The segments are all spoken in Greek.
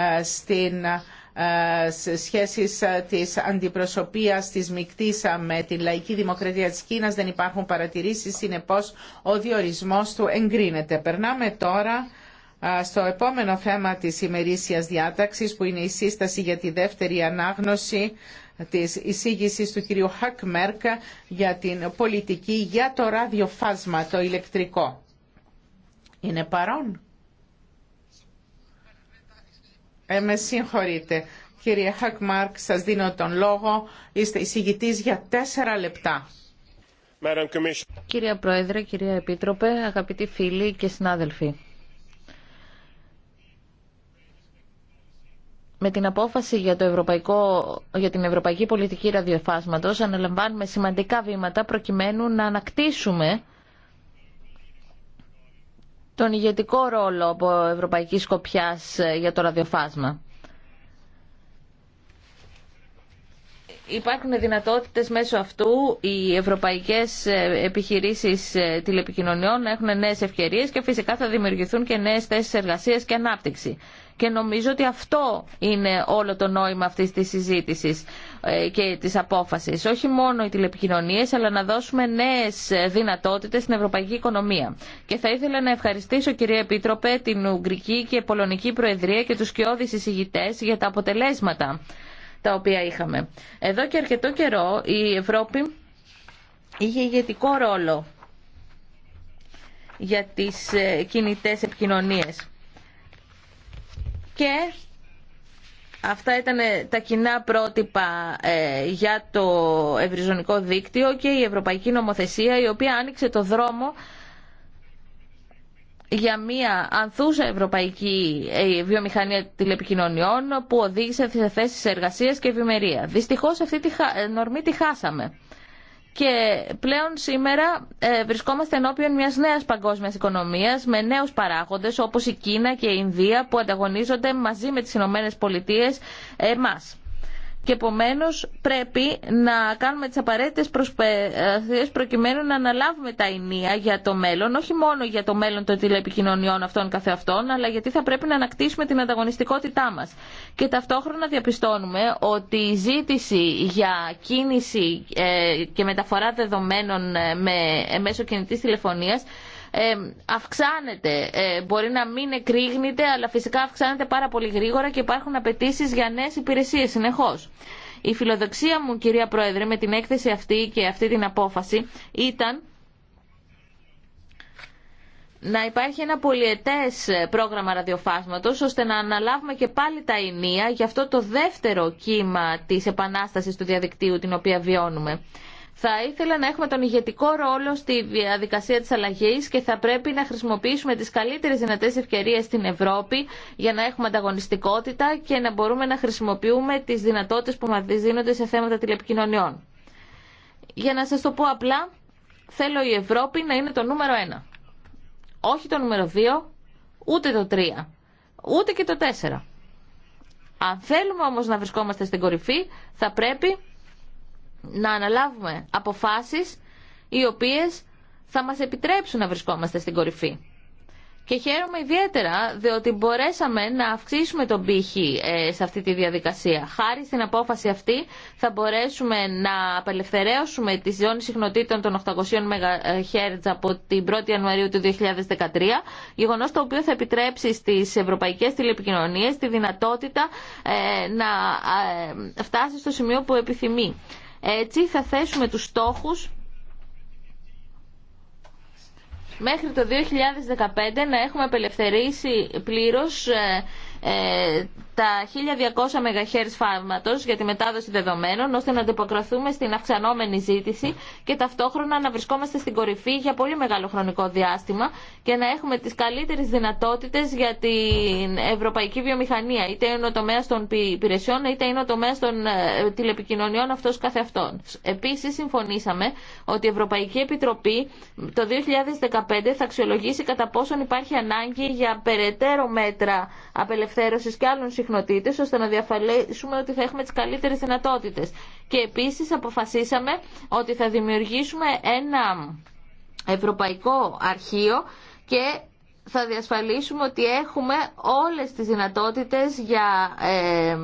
Ε, στην ε, σχέσεις ε, της αντιπροσωπείας της Μικτής με τη Λαϊκή Δημοκρατία της Κίνας δεν υπάρχουν παρατηρήσεις, συνεπώς ο διορισμός του εγκρίνεται. Περνάμε τώρα στο επόμενο θέμα της ημερήσιας διάταξης που είναι η σύσταση για τη δεύτερη ανάγνωση της εισήγηση του κυρίου Μέρκ για την πολιτική για το ραδιοφάσμα, το ηλεκτρικό. Είναι παρόν. Ε, με συγχωρείτε. Κύριε Χακμάρκ, σας δίνω τον λόγο. Είστε εισηγητής για τέσσερα λεπτά. Κύριε Πρόεδρε, κυρία Επίτροπε, αγαπητοί φίλοι και συνάδελφοι. Με την απόφαση για, το ευρωπαϊκό, για την Ευρωπαϊκή Πολιτική Ραδιοφάσματος αναλαμβάνουμε σημαντικά βήματα προκειμένου να ανακτήσουμε τον ηγετικό ρόλο από ευρωπαϊκή σκοπιάς ε, για το ραδιοφάσμα. Υπάρχουν δυνατότητες μέσω αυτού οι ευρωπαϊκές ε, επιχειρήσεις ε, τηλεπικοινωνιών να έχουν νέες ευκαιρίες και φυσικά θα δημιουργηθούν και νέες θέσεις εργασίας και ανάπτυξη. Και νομίζω ότι αυτό είναι όλο το νόημα αυτής της συζήτησης ε, και της απόφασης. Όχι μόνο οι τηλεπικοινωνίες, αλλά να δώσουμε νέες δυνατότητες στην ευρωπαϊκή οικονομία. Και θα ήθελα να ευχαριστήσω, κυρία Επίτροπε, την Ουγγρική και Πολωνική Προεδρία και τους κοιόδης εισηγητές για τα αποτελέσματα τα οποία είχαμε. Εδώ και αρκετό καιρό η Ευρώπη είχε ηγετικό ρόλο για τις ε, κινητές επικοινωνίες. Και Αυτά ήταν ε, τα κοινά πρότυπα ε, για το ευρυζωνικό δίκτυο και η Ευρωπαϊκή Νομοθεσία η οποία άνοιξε το δρόμο για μια ανθούσα ευρωπαϊκή ε, βιομηχανία τηλεπικοινωνιών που οδήγησε σε θέσεις εργασίας και ευημερία. Δυστυχώς αυτή τη ε, νορμή τη χάσαμε. Και πλέον σήμερα ε, βρισκόμαστε ενώπιον μιας νέας παγκόσμιας οικονομίας με νέους παράγοντες όπως η Κίνα και η Ινδία που ανταγωνίζονται μαζί με τις Ηνωμένες Πολιτείες εμάς και επομένως πρέπει να κάνουμε τις απαραίτητες προσπάθειες προκειμένου να αναλάβουμε τα ενία για το μέλλον, όχι μόνο για το μέλλον των τηλεπικοινωνιών αυτών καθεαυτών, αλλά γιατί θα πρέπει να ανακτήσουμε την ανταγωνιστικότητά μας. Και ταυτόχρονα διαπιστώνουμε ότι η ζήτηση για κίνηση ε, και μεταφορά δεδομένων ε, με, ε, μέσω κινητής τηλεφωνίας ε, αυξάνεται. Ε, μπορεί να μην εκρήγνεται, αλλά φυσικά αυξάνεται πάρα πολύ γρήγορα και υπάρχουν απαιτήσει για νέε υπηρεσίε συνεχώ. Η φιλοδοξία μου, κυρία Πρόεδρε, με την έκθεση αυτή και αυτή την απόφαση ήταν να υπάρχει ένα πολυετές πρόγραμμα ραδιοφάσματος ώστε να αναλάβουμε και πάλι τα ενία για αυτό το δεύτερο κύμα της επανάστασης του διαδικτύου την οποία βιώνουμε. Θα ήθελα να έχουμε τον ηγετικό ρόλο στη διαδικασία της αλλαγής και θα πρέπει να χρησιμοποιήσουμε τις καλύτερες δυνατές ευκαιρίες στην Ευρώπη για να έχουμε ανταγωνιστικότητα και να μπορούμε να χρησιμοποιούμε τις δυνατότητες που μας δίνονται σε θέματα τηλεπικοινωνιών. Για να σας το πω απλά, θέλω η Ευρώπη να είναι το νούμερο ένα. Όχι το νούμερο δύο, ούτε το τρία, ούτε και το τέσσερα. Αν θέλουμε όμως να βρισκόμαστε στην κορυφή, θα πρέπει να αναλάβουμε αποφάσεις οι οποίες θα μας επιτρέψουν να βρισκόμαστε στην κορυφή. Και χαίρομαι ιδιαίτερα διότι μπορέσαμε να αυξήσουμε τον πύχη ε, σε αυτή τη διαδικασία. Χάρη στην απόφαση αυτή θα μπορέσουμε να απελευθερώσουμε τις ζώνη συχνοτήτων των 800 MHz από την 1η Ιανουαρίου του 2013, γεγονό το οποίο θα επιτρέψει στις ευρωπαϊκές τηλεπικοινωνίες τη δυνατότητα ε, να ε, φτάσει στο σημείο που επιθυμεί. Έτσι θα θέσουμε τους στόχους μέχρι το 2015 να έχουμε απελευθερήσει πλήρως ε, ε, τα 1200 MHz φάρματος για τη μετάδοση δεδομένων ώστε να αντιποκραθούμε στην αυξανόμενη ζήτηση και ταυτόχρονα να βρισκόμαστε στην κορυφή για πολύ μεγάλο χρονικό διάστημα και να έχουμε τις καλύτερες δυνατότητες για την ευρωπαϊκή βιομηχανία είτε είναι ο τομέας των υπηρεσιών είτε είναι ο τομέας των ε, τηλεπικοινωνιών αυτός καθεαυτών. Επίσης συμφωνήσαμε ότι η Ευρωπαϊκή Επιτροπή το 2015 θα αξιολογήσει κατά πόσον υπάρχει ανάγκη για περαιτέρω μέτρα απελευθερωσης και άλλων συχνοτήτε, ώστε να διαφαλίσουμε ότι θα έχουμε τις καλύτερες δυνατότητες. Και επίσης αποφασίσαμε ότι θα δημιουργήσουμε ένα ευρωπαϊκό αρχείο και θα διασφαλίσουμε ότι έχουμε όλες τις δυνατότητες για ε,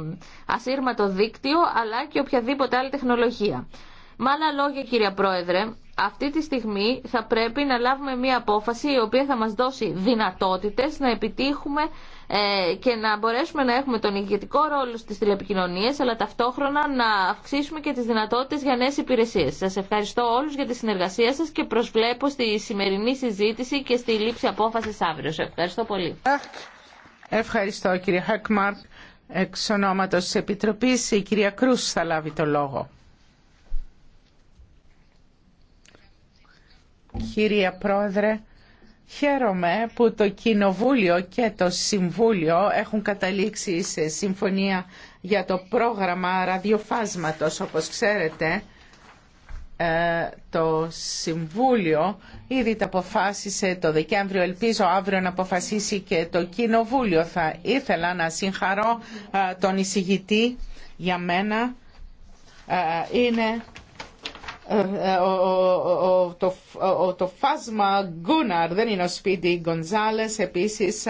ασύρματο δίκτυο αλλά και οποιαδήποτε άλλη τεχνολογία. Με άλλα λόγια κυρία Πρόεδρε, αυτή τη στιγμή θα πρέπει να λάβουμε μία απόφαση η οποία θα μας δώσει δυνατότητες να επιτύχουμε ε, και να μπορέσουμε να έχουμε τον ηγετικό ρόλο στις τηλεπικοινωνίες αλλά ταυτόχρονα να αυξήσουμε και τις δυνατότητες για νέες υπηρεσίες. Σας ευχαριστώ όλους για τη συνεργασία σας και προσβλέπω στη σημερινή συζήτηση και στη λήψη απόφασης αύριο. Σας ευχαριστώ πολύ. Ευχαριστώ κύριε Χακμάρκ. Εξ ονόματος Επιτροπής η κυρία Κρούς θα λάβει το λόγο. Κύριε Πρόεδρε, Χαίρομαι που το Κοινοβούλιο και το Συμβούλιο έχουν καταλήξει σε συμφωνία για το πρόγραμμα ραδιοφάσματος. Όπως ξέρετε, ε, το Συμβούλιο ήδη τα αποφάσισε το Δεκέμβριο. Ελπίζω αύριο να αποφασίσει και το Κοινοβούλιο. Θα ήθελα να συγχαρώ ε, τον εισηγητή για μένα. Ε, είναι ε, ε, το, το φάσμα Γκούναρ δεν είναι ο Σπίτι Γκονζάλες επίσης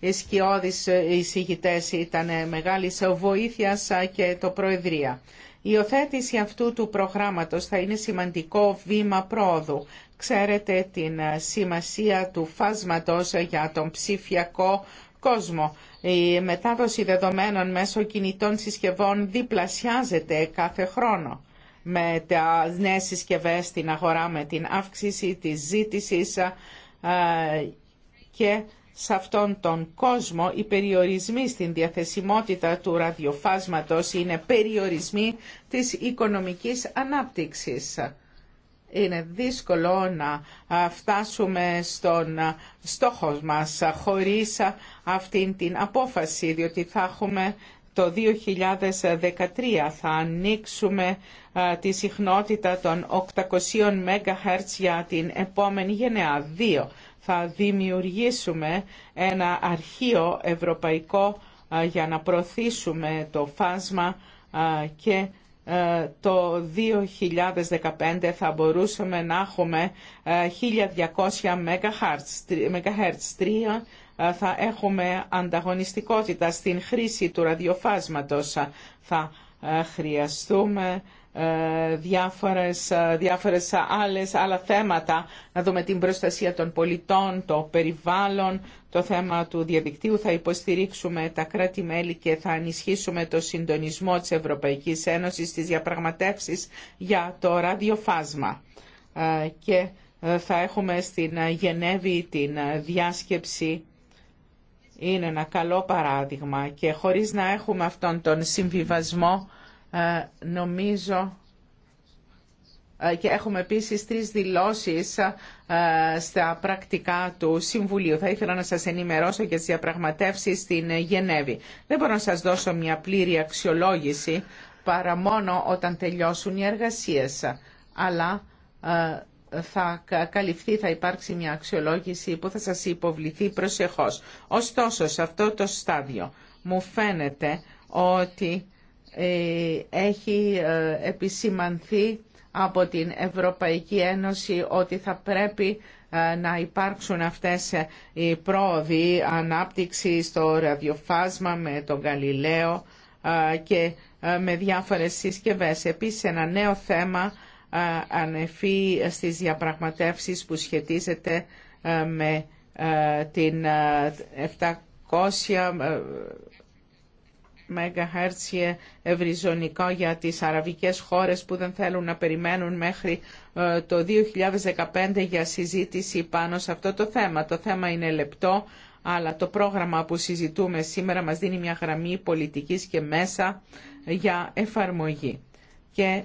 οι σκιώδεις εισηγητέ ήταν μεγάλη βοήθεια και το Προεδρία. Η οθέτηση αυτού του προγράμματος θα είναι σημαντικό βήμα πρόοδου. Ξέρετε την σημασία του φάσματος για τον ψηφιακό κόσμο. Η μετάδοση δεδομένων μέσω κινητών συσκευών διπλασιάζεται κάθε χρόνο με τα νέες συσκευέ στην αγορά, με την αύξηση της ζήτησης ε, και σε αυτόν τον κόσμο οι περιορισμοί στην διαθεσιμότητα του ραδιοφάσματος είναι περιορισμοί της οικονομικής ανάπτυξης. Είναι δύσκολο να ε, φτάσουμε στον ε, στόχο μας χωρίς αυτήν την απόφαση, διότι θα έχουμε το 2013 θα ανοίξουμε τη συχνότητα των 800 MHz για την επόμενη γενεά. 2. Θα δημιουργήσουμε ένα αρχείο ευρωπαϊκό για να προωθήσουμε το φάσμα και το 2015 θα μπορούσαμε να έχουμε 1200 MHz. 3 ε, θα έχουμε ανταγωνιστικότητα στην χρήση του ραδιοφάσματος. Θα ε, χρειαστούμε ε, διάφορες, διάφορες άλλες, άλλα θέματα, να δούμε την προστασία των πολιτών, το περιβάλλον, το θέμα του διαδικτύου. Θα υποστηρίξουμε τα κράτη-μέλη και θα ενισχύσουμε το συντονισμό της Ευρωπαϊκής Ένωσης στις διαπραγματεύσεις για το ραδιοφάσμα. Και θα έχουμε στην Γενέβη την διάσκεψη είναι ένα καλό παράδειγμα και χωρίς να έχουμε αυτόν τον συμβιβασμό ε, νομίζω ε, και έχουμε επίσης τρεις δηλώσεις ε, στα πρακτικά του Συμβουλίου. Θα ήθελα να σας ενημερώσω για τις διαπραγματεύσεις στην Γενέβη. Δεν μπορώ να σας δώσω μια πλήρη αξιολόγηση παρά μόνο όταν τελειώσουν οι εργασίες. Αλλά θα καλυφθεί, θα υπάρξει μια αξιολόγηση που θα σας υποβληθεί προσεχώς. Ωστόσο, σε αυτό το στάδιο μου φαίνεται ότι ε, έχει ε, επισημανθεί από την Ευρωπαϊκή Ένωση ότι θα πρέπει ε, να υπάρξουν αυτές οι πρόοδοι ανάπτυξη στο ραδιοφάσμα με τον Γαλιλαίο και με διάφορες συσκευές. Επίσης ένα νέο θέμα ανεφεί στις διαπραγματεύσεις που σχετίζεται με την 700 MHz ευρυζωνικό για τις αραβικές χώρες που δεν θέλουν να περιμένουν μέχρι το 2015 για συζήτηση πάνω σε αυτό το θέμα. Το θέμα είναι λεπτό, αλλά το πρόγραμμα που συζητούμε σήμερα μας δίνει μια γραμμή πολιτικής και μέσα για εφαρμογή. Και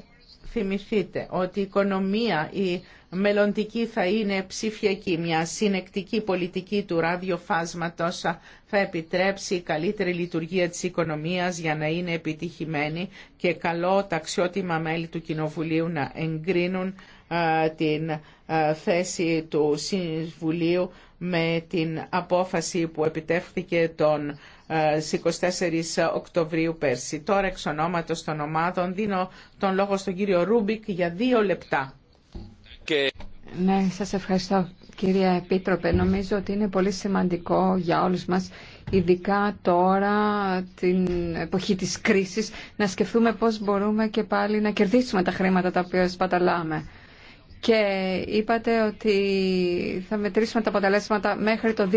θυμηθείτε ότι η οικονομία η μελλοντική θα είναι ψηφιακή. Μια συνεκτική πολιτική του ραδιοφάσματος θα επιτρέψει καλύτερη λειτουργία της οικονομίας για να είναι επιτυχημένη και καλό τα αξιότιμα μέλη του Κοινοβουλίου να εγκρίνουν την θέση του Συμβουλίου με την απόφαση που επιτεύχθηκε τον στις 24 Οκτωβρίου πέρσι. Τώρα εξ ονόματος των ομάδων δίνω τον λόγο στον κύριο Ρούμπικ για δύο λεπτά. Και... Ναι, σας ευχαριστώ κύριε Επίτροπε. Νομίζω ότι είναι πολύ σημαντικό για όλους μας, ειδικά τώρα την εποχή της κρίσης, να σκεφτούμε πώς μπορούμε και πάλι να κερδίσουμε τα χρήματα τα οποία σπαταλάμε και είπατε ότι θα μετρήσουμε τα αποτελέσματα μέχρι το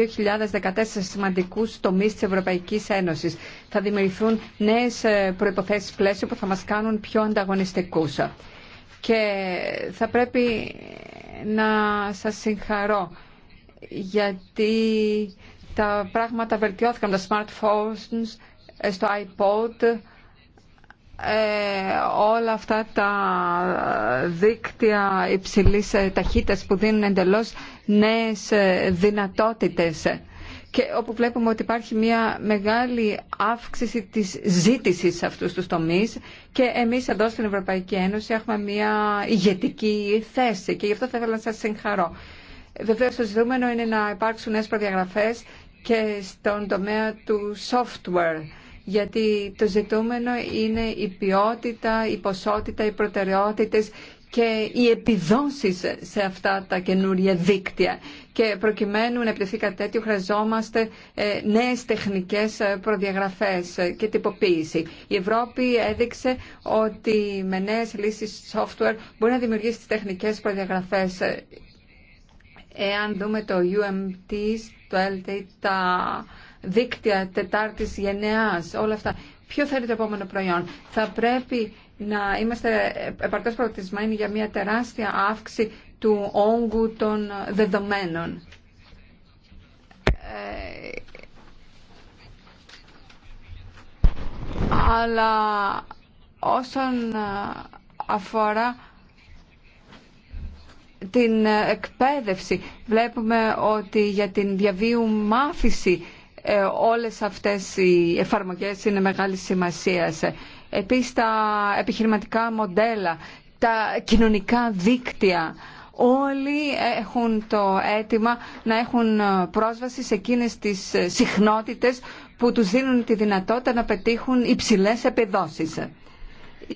2014 σημαντικούς τομείς της Ευρωπαϊκής Ένωσης. Θα δημιουργηθούν νέες ε, προϋποθέσεις πλαίσιο που θα μας κάνουν πιο ανταγωνιστικούς. Και θα πρέπει να σας συγχαρώ γιατί τα πράγματα βελτιώθηκαν τα smartphones, ε, στο iPod, ε, όλα αυτά τα δίκτυα υψηλής ε, ταχύτητας που δίνουν εντελώς νέες ε, δυνατότητες και όπου βλέπουμε ότι υπάρχει μια μεγάλη αύξηση της ζήτησης σε αυτούς τους τομείς και εμείς εδώ στην Ευρωπαϊκή Ένωση έχουμε μια ηγετική θέση και γι' αυτό θα ήθελα να σας συγχαρώ. Βεβαίω το ζητούμενο είναι να υπάρξουν νέες προδιαγραφές και στον τομέα του software γιατί το ζητούμενο είναι η ποιότητα, η ποσότητα, οι προτεραιότητες και οι επιδόσεις σε αυτά τα καινούρια δίκτυα. Και προκειμένου να επιτευχθεί κάτι τέτοιο χρειαζόμαστε ε, νέες τεχνικές ε, προδιαγραφές και τυποποίηση. Η Ευρώπη έδειξε ότι με νέες λύσεις software μπορεί να δημιουργήσει τις τεχνικές προδιαγραφές. Ε, εάν δούμε το UMT, το LT, τα δίκτυα τετάρτης γενεάς, όλα αυτά. Ποιο θα είναι το επόμενο προϊόν. Θα πρέπει να είμαστε επαρκώς προτισμένοι για μια τεράστια αύξηση του όγκου των δεδομένων. Ε, αλλά όσον αφορά την εκπαίδευση. Βλέπουμε ότι για την διαβίου μάθηση ε, όλες αυτές οι εφαρμογές είναι μεγάλη σημασίας. Επίσης τα επιχειρηματικά μοντέλα, τα κοινωνικά δίκτυα, όλοι έχουν το αίτημα να έχουν πρόσβαση σε εκείνες τις συχνότητες που τους δίνουν τη δυνατότητα να πετύχουν υψηλές επιδόσεις.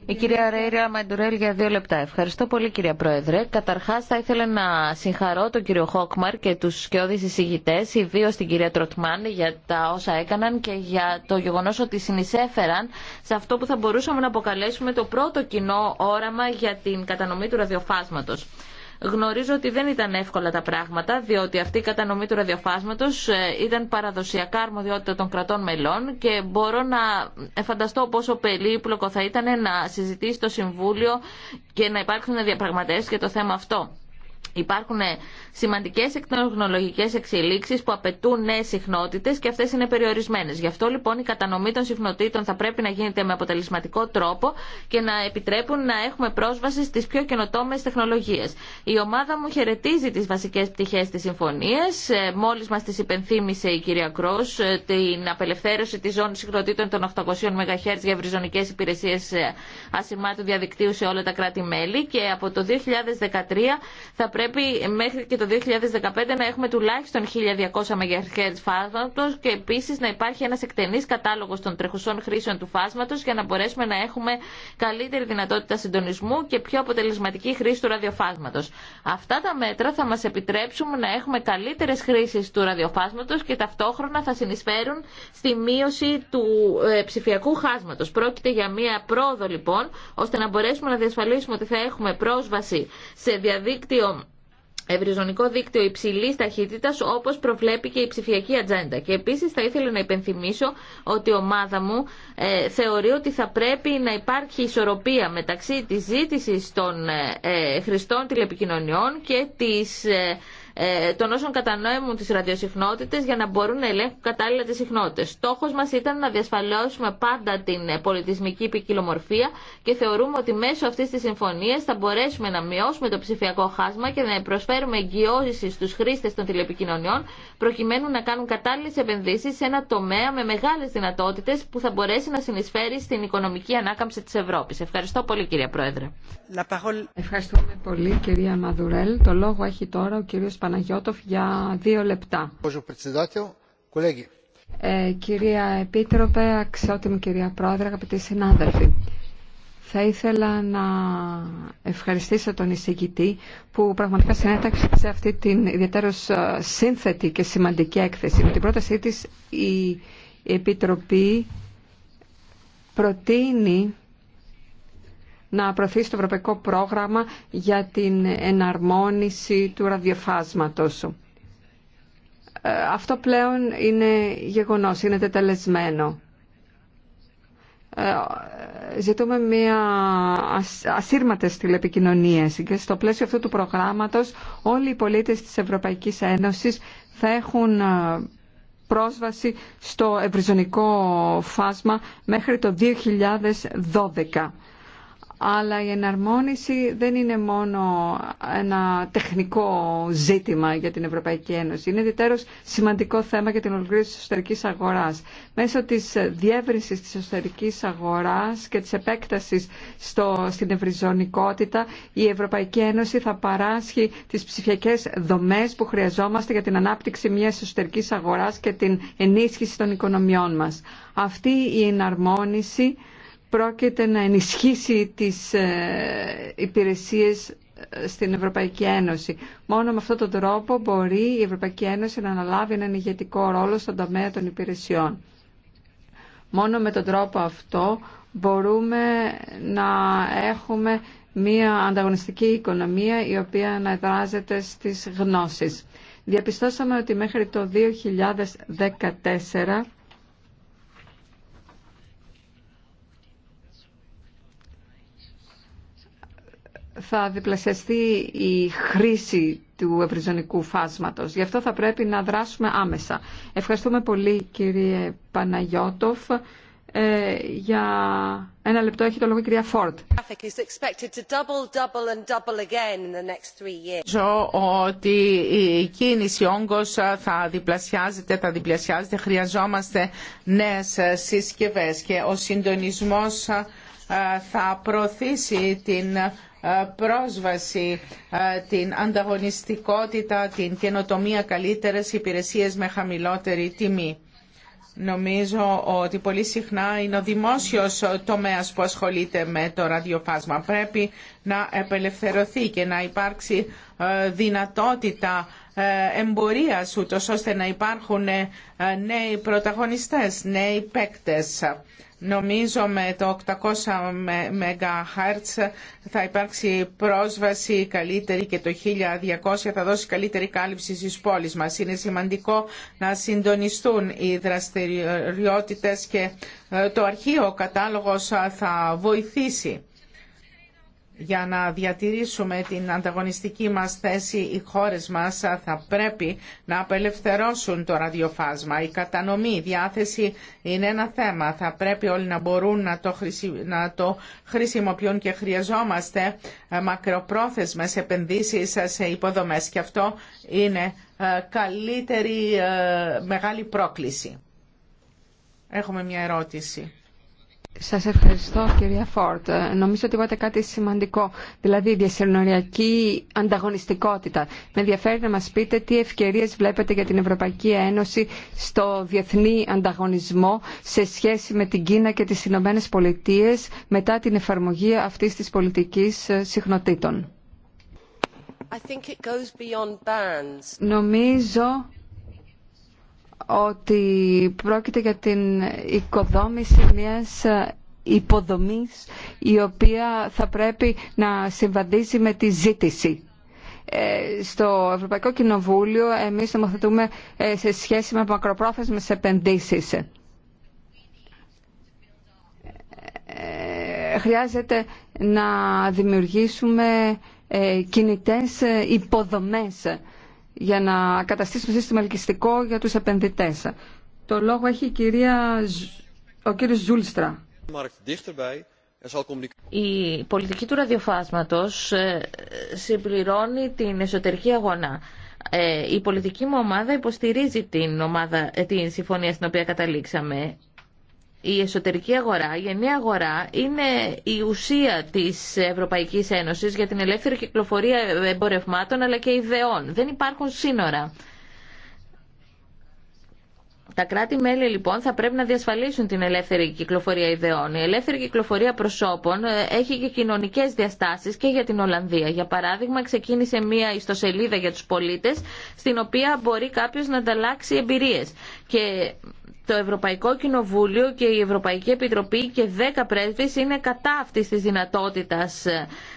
Η κυρία Ρέιρα Μαντουρέλ για δύο λεπτά. Ευχαριστώ πολύ κυρία Πρόεδρε. Καταρχάς θα ήθελα να συγχαρώ τον κύριο Χόκμαρ και τους σκιώδεις εισηγητές, ιδίω την κυρία Τροτμάν για τα όσα έκαναν και για το γεγονός ότι συνεισέφεραν σε αυτό που θα μπορούσαμε να αποκαλέσουμε το πρώτο κοινό όραμα για την κατανομή του ραδιοφάσματος. Γνωρίζω ότι δεν ήταν εύκολα τα πράγματα, διότι αυτή η κατανομή του ραδιοφάσματο ε, ήταν παραδοσιακά αρμοδιότητα των κρατών μελών και μπορώ να φανταστώ πόσο περίπλοκο θα ήταν να συζητήσει το Συμβούλιο και να υπάρξουν διαπραγματεύσει για το θέμα αυτό. Υπάρχουν ε, σημαντικέ εκτεχνολογικές εξελίξει που απαιτούν νέε συχνότητε και αυτέ είναι περιορισμένε. Γι' αυτό λοιπόν η κατανομή των συχνοτήτων θα πρέπει να γίνεται με αποτελεσματικό τρόπο και να επιτρέπουν να έχουμε πρόσβαση στι πιο καινοτόμε τεχνολογίε. Η ομάδα μου χαιρετίζει τι βασικέ πτυχέ τη συμφωνίας. Ε, Μόλι μα τι υπενθύμησε η κυρία Κρό, ε, την απελευθέρωση τη ζώνη συχνοτήτων των 800 MHz για ευρυζωνικές υπηρεσίε ασημάτου διαδικτύου σε όλα τα κράτη-μέλη και από το 2013 θα πρέπει μέχρι και το 2015 να έχουμε τουλάχιστον 1.200 MHz φάσματο και επίση να υπάρχει ένα εκτενή κατάλογο των τρεχουσών χρήσεων του φάσματο για να μπορέσουμε να έχουμε καλύτερη δυνατότητα συντονισμού και πιο αποτελεσματική χρήση του ραδιοφάσματο. Αυτά τα μέτρα θα μα επιτρέψουν να έχουμε καλύτερε χρήσει του ραδιοφάσματο και ταυτόχρονα θα συνεισφέρουν στη μείωση του ε, ψηφιακού χάσματο. Πρόκειται για μια πρόοδο λοιπόν, ώστε να μπορέσουμε να διασφαλίσουμε ότι θα έχουμε πρόσβαση σε διαδίκτυο ευρυζωνικό δίκτυο υψηλή ταχύτητα, όπω προβλέπει και η ψηφιακή ατζέντα. Και επίση θα ήθελα να υπενθυμίσω ότι η ομάδα μου ε, θεωρεί ότι θα πρέπει να υπάρχει ισορροπία μεταξύ τη ζήτηση των ε, ε, χρηστών τηλεπικοινωνιών και τη. Ε, των όσων κατανόημουν τι ραδιοσυχνότητε για να μπορούν να ελέγχουν κατάλληλα τι συχνότητε. Στόχο μα ήταν να διασφαλώσουμε πάντα την πολιτισμική ποικιλομορφία και θεωρούμε ότι μέσω αυτή τη συμφωνία θα μπορέσουμε να μειώσουμε το ψηφιακό χάσμα και να προσφέρουμε εγγυώσεις στου χρήστε των τηλεπικοινωνιών προκειμένου να κάνουν κατάλληλε επενδύσει σε ένα τομέα με μεγάλε δυνατότητε που θα μπορέσει να συνεισφέρει στην οικονομική ανάκαμψη τη Ευρώπη. Ευχαριστώ πολύ κυρία Πρόεδρε. Ευχαριστούμε πολύ κυρία Μαδουρέλ. Το λόγο έχει τώρα ο κύριο Παναγιώτη για δύο λεπτά. Ε, κυρία Επίτροπε, αξιότιμη κυρία Πρόεδρε, αγαπητοί συνάδελφοι. Θα ήθελα να ευχαριστήσω τον εισηγητή που πραγματικά συνέταξε σε αυτή την ιδιαίτερως ε, σύνθετη και σημαντική έκθεση. Με την πρότασή της η Επιτροπή προτείνει να προωθήσει το ευρωπαϊκό πρόγραμμα για την εναρμόνιση του ραδιοφάσματος. Ε, αυτό πλέον είναι γεγονός, είναι τετελεσμένο. Ε, ζητούμε μια ασύρματες τηλεπικοινωνίες και στο πλαίσιο αυτού του προγράμματος όλοι οι πολίτες της Ευρωπαϊκής Ένωσης θα έχουν ε, πρόσβαση στο ευρυζωνικό φάσμα μέχρι το 2012 αλλά η εναρμόνιση δεν είναι μόνο ένα τεχνικό ζήτημα για την Ευρωπαϊκή Ένωση. Είναι ιδιαίτερως σημαντικό θέμα για την ολοκλήρωση της εσωτερικής αγοράς. Μέσω της διεύρυνσης της εσωτερικής αγοράς και της επέκτασης στο, στην ευρυζωνικότητα, η Ευρωπαϊκή Ένωση θα παράσχει τις ψηφιακές δομές που χρειαζόμαστε για την ανάπτυξη μιας εσωτερικής αγοράς και την ενίσχυση των οικονομιών μας. Αυτή η εναρμόνιση πρόκειται να ενισχύσει τις ε, υπηρεσίες ε, στην Ευρωπαϊκή Ένωση. Μόνο με αυτόν τον τρόπο μπορεί η Ευρωπαϊκή Ένωση να αναλάβει έναν ηγετικό ρόλο στον τομέα των υπηρεσιών. Μόνο με τον τρόπο αυτό μπορούμε να έχουμε μια ανταγωνιστική οικονομία η οποία να εδράζεται στις γνώσεις. Διαπιστώσαμε ότι μέχρι το 2014 θα διπλασιαστεί η χρήση του ευρυζωνικού φάσματος. Γι' αυτό θα πρέπει να δράσουμε άμεσα. Ευχαριστούμε πολύ κύριε Παναγιώτοφ. Ε, για ένα λεπτό έχει το λόγο η κυρία Φόρτ. Ζω ότι η κίνηση όγκος θα διπλασιάζεται, θα διπλασιάζεται. Χρειαζόμαστε νέες συσκευές και ο συντονισμός ε, θα προωθήσει την ε, πρόσβαση, ε, την ανταγωνιστικότητα, την καινοτομία, καλύτερες υπηρεσίες με χαμηλότερη τιμή. Νομίζω ότι πολύ συχνά είναι ο δημόσιος τομέας που ασχολείται με το ραδιοφάσμα. Πρέπει να επελευθερωθεί και να υπάρξει ε, δυνατότητα εμπορίας ούτως ώστε να υπάρχουν νέοι πρωταγωνιστές, νέοι παίκτες. Νομίζω με το 800 MHz θα υπάρξει πρόσβαση καλύτερη και το 1200 θα δώσει καλύτερη κάλυψη στις πόλεις μας. Είναι σημαντικό να συντονιστούν οι δραστηριότητες και ε, το αρχείο κατάλογος θα βοηθήσει για να διατηρήσουμε την ανταγωνιστική μας θέση οι χώρες μας θα πρέπει να απελευθερώσουν το ραδιοφάσμα. Η κατανομή, η διάθεση είναι ένα θέμα. Θα πρέπει όλοι να μπορούν να το, να το χρησιμοποιούν και χρειαζόμαστε ε, μακροπρόθεσμες επενδύσεις σε υποδομές και αυτό είναι ε, καλύτερη ε, μεγάλη πρόκληση. Έχουμε μια ερώτηση. Σας ευχαριστώ κυρία Φόρτ. Ε, νομίζω ότι είπατε κάτι σημαντικό, δηλαδή η διασυνοριακή ανταγωνιστικότητα. Με ενδιαφέρει να μας πείτε τι ευκαιρίες βλέπετε για την Ευρωπαϊκή Ένωση στο διεθνή ανταγωνισμό σε σχέση με την Κίνα και τις Ηνωμένε Πολιτείε μετά την εφαρμογή αυτής της πολιτικής ε, συχνοτήτων. Νομίζω ότι πρόκειται για την οικοδόμηση μιας υποδομής η οποία θα πρέπει να συμβαδίζει με τη ζήτηση. Ε, στο Ευρωπαϊκό Κοινοβούλιο εμείς νομοθετούμε ε, σε σχέση με μακροπρόθεσμες επενδύσεις. Ε, χρειάζεται να δημιουργήσουμε κινητές υποδομές για να καταστήσουμε σύστημα ελκυστικό για τους επενδυτές. Το λόγο έχει η κυρία, ο κύριος Ζούλστρα. Η πολιτική του ραδιοφάσματος ε, συμπληρώνει την εσωτερική αγωνά. Ε, η πολιτική μου ομάδα υποστηρίζει την, ομάδα, ε, την συμφωνία στην οποία καταλήξαμε η εσωτερική αγορά, η ενή αγορά είναι η ουσία της Ευρωπαϊκής Ένωσης για την ελεύθερη κυκλοφορία εμπορευμάτων αλλά και ιδεών. Δεν υπάρχουν σύνορα. Τα κράτη-μέλη λοιπόν θα πρέπει να διασφαλίσουν την ελεύθερη κυκλοφορία ιδεών. Η ελεύθερη κυκλοφορία προσώπων ε, έχει και κοινωνικέ διαστάσει και για την Ολλανδία. Για παράδειγμα, ξεκίνησε μία ιστοσελίδα για του πολίτε, στην οποία μπορεί κάποιο να ανταλλάξει εμπειρίε. Και το Ευρωπαϊκό Κοινοβούλιο και η Ευρωπαϊκή Επιτροπή και δέκα πρέσβεις είναι κατά αυτής της δυνατότητας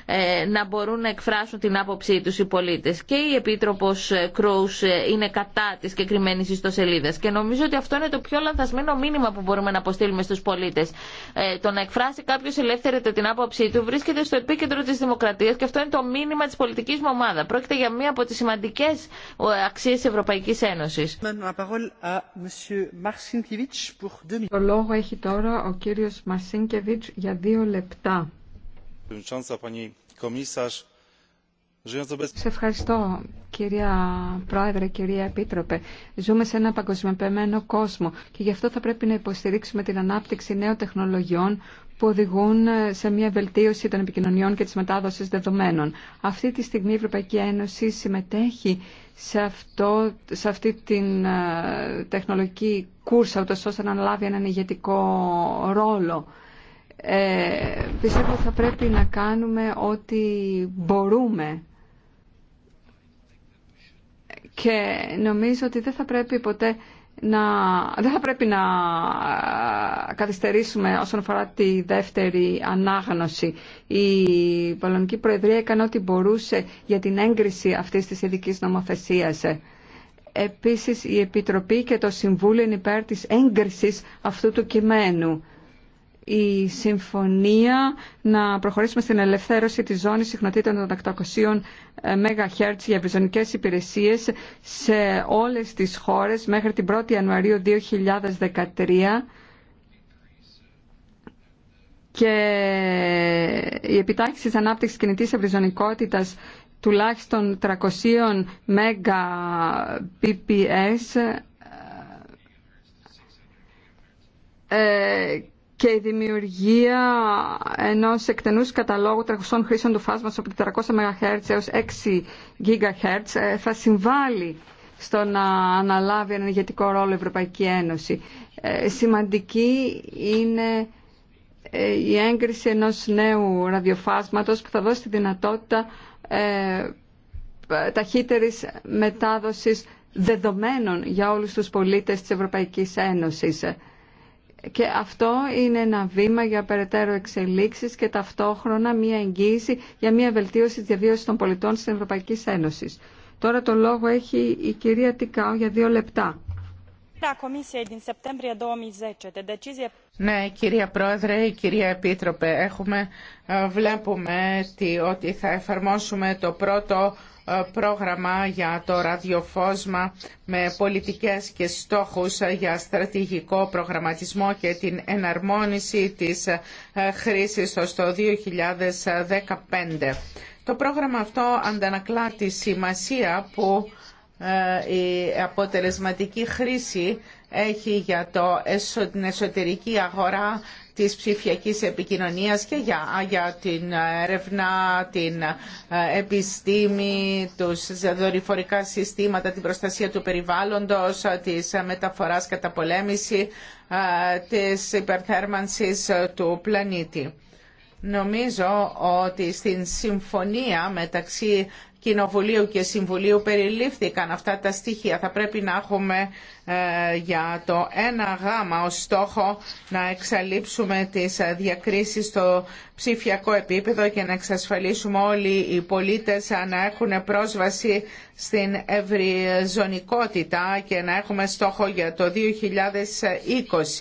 ε, να μπορούν να εκφράσουν την άποψή τους οι πολίτες. Και η Επίτροπος Κρους ε, είναι κατά της συγκεκριμένη ιστοσελίδα. Και νομίζω ότι αυτό είναι το πιο λανθασμένο μήνυμα που μπορούμε να αποστείλουμε στους πολίτες. Ε, το να εκφράσει κάποιο ελεύθερη την άποψή του βρίσκεται στο επίκεντρο της δημοκρατίας και αυτό είναι το μήνυμα της πολιτικής μου ομάδα. Πρόκειται για μία από τις σημαντικές αξίες Ευρωπαϊκής Ένωσης. Το λόγο έχει τώρα ο κύριος Μαρσίνκεβιτς για δύο λεπτά. Σε ευχαριστώ κυρία Πρόεδρε, κυρία Επίτροπε. Ζούμε σε ένα παγκοσμιοποιημένο κόσμο και γι' αυτό θα πρέπει να υποστηρίξουμε την ανάπτυξη νέων τεχνολογιών που οδηγούν σε μια βελτίωση των επικοινωνιών και της μετάδοσης δεδομένων. Αυτή τη στιγμή η Ευρωπαϊκή Ένωση συμμετέχει σε, αυτή την ε, τεχνολογική κούρσα, ούτως ώστε να λάβει έναν ηγετικό ρόλο ε, πιστεύω ότι θα πρέπει να κάνουμε ό,τι μπορούμε και νομίζω ότι δεν θα πρέπει ποτέ να, δεν θα πρέπει να ε, καθυστερήσουμε όσον αφορά τη δεύτερη ανάγνωση. Η Πολωνική Προεδρία έκανε ό,τι μπορούσε για την έγκριση αυτής της ειδική νομοθεσίας. Επίσης η Επιτροπή και το Συμβούλιο είναι υπέρ της έγκρισης αυτού του κειμένου η συμφωνία να προχωρήσουμε στην ελευθέρωση της ζώνης συχνοτήτων των 800 ε, MHz για ευρυζωνικές υπηρεσίες σε όλες τις χώρες μέχρι την 1η Ιανουαρίου 2013 και η επιτάχυση της ανάπτυξης κινητής ευρυζωνικότητας τουλάχιστον 300 Mbps ε, ε, και η δημιουργία ενός εκτενούς καταλόγου τρεχουσών χρήσεων του φάσματος από 400 MHz έως 6 GHz ε, θα συμβάλλει στο να αναλάβει έναν ηγετικό ρόλο η Ευρωπαϊκή Ένωση. Ε, σημαντική είναι ε, η έγκριση ενός νέου ραδιοφάσματος που θα δώσει τη δυνατότητα ταχύτερης μετάδοσης δεδομένων για όλους τους πολίτες της Ευρωπαϊκής Ένωσης και αυτό είναι ένα βήμα για περαιτέρω εξελίξεις και ταυτόχρονα μια εγγύηση για μια βελτίωση τη διαβίωση των πολιτών στην Ευρωπαϊκή Ένωση. Τώρα το λόγο έχει η κυρία Τικάου για δύο λεπτά. Ναι, κυρία Πρόεδρε, κυρία Επίτροπε, έχουμε, ε, βλέπουμε ότι θα εφαρμόσουμε το πρώτο ε, πρόγραμμα για το ραδιοφόσμα με πολιτικές και στόχους για στρατηγικό προγραμματισμό και την εναρμόνιση της ε, χρήσης ως το 2015. Το πρόγραμμα αυτό αντανακλά τη σημασία που ε, η αποτελεσματική χρήση έχει για το, την εσωτερική αγορά της ψηφιακής επικοινωνίας και για, για την έρευνα, την ε, επιστήμη, τους δορυφορικά συστήματα, την προστασία του περιβάλλοντος, ε, της μεταφοράς κατά πολέμηση, ε, της υπερθέρμανσης του πλανήτη. Νομίζω ότι στην συμφωνία μεταξύ Κοινοβουλίου και Συμβουλίου περιλήφθηκαν αυτά τα στοιχεία. Θα πρέπει να έχουμε ε, για το ένα γάμα ως στόχο να εξαλείψουμε τις ε, διακρίσεις στο ψηφιακό επίπεδο και να εξασφαλίσουμε όλοι οι πολίτες ε, να έχουν πρόσβαση στην ευρυζωνικότητα και να έχουμε στόχο για το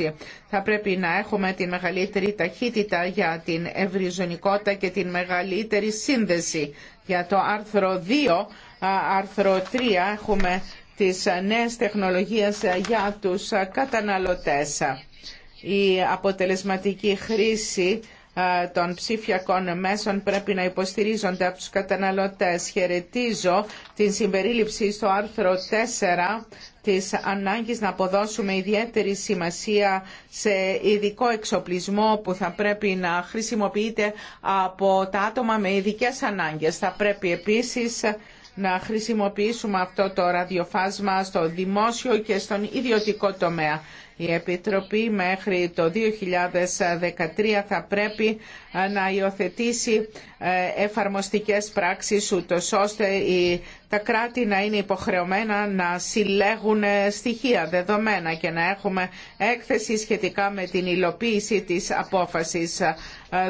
2020. Θα πρέπει να έχουμε τη μεγαλύτερη ταχύτητα για την ευρυζωνικότητα και την μεγαλύτερη σύνδεση για το άρθρο 2, άρθρο 3 έχουμε τις νέες τεχνολογίες για τους καταναλωτές. Η αποτελεσματική χρήση των ψηφιακών μέσων πρέπει να υποστηρίζονται από τους καταναλωτές. Χαιρετίζω την συμπερίληψη στο άρθρο 4 της ανάγκης να αποδώσουμε ιδιαίτερη σημασία σε ειδικό εξοπλισμό που θα πρέπει να χρησιμοποιείται από τα άτομα με ειδικές ανάγκες. Θα πρέπει επίσης να χρησιμοποιήσουμε αυτό το ραδιοφάσμα στο δημόσιο και στον ιδιωτικό τομέα. Η Επιτροπή μέχρι το 2013 θα πρέπει ε, να υιοθετήσει ε, εφαρμοστικές πράξεις ούτως ώστε τα κράτη να είναι υποχρεωμένα να συλλέγουν ε, στοιχεία, δεδομένα και να έχουμε έκθεση σχετικά με την υλοποίηση της απόφασης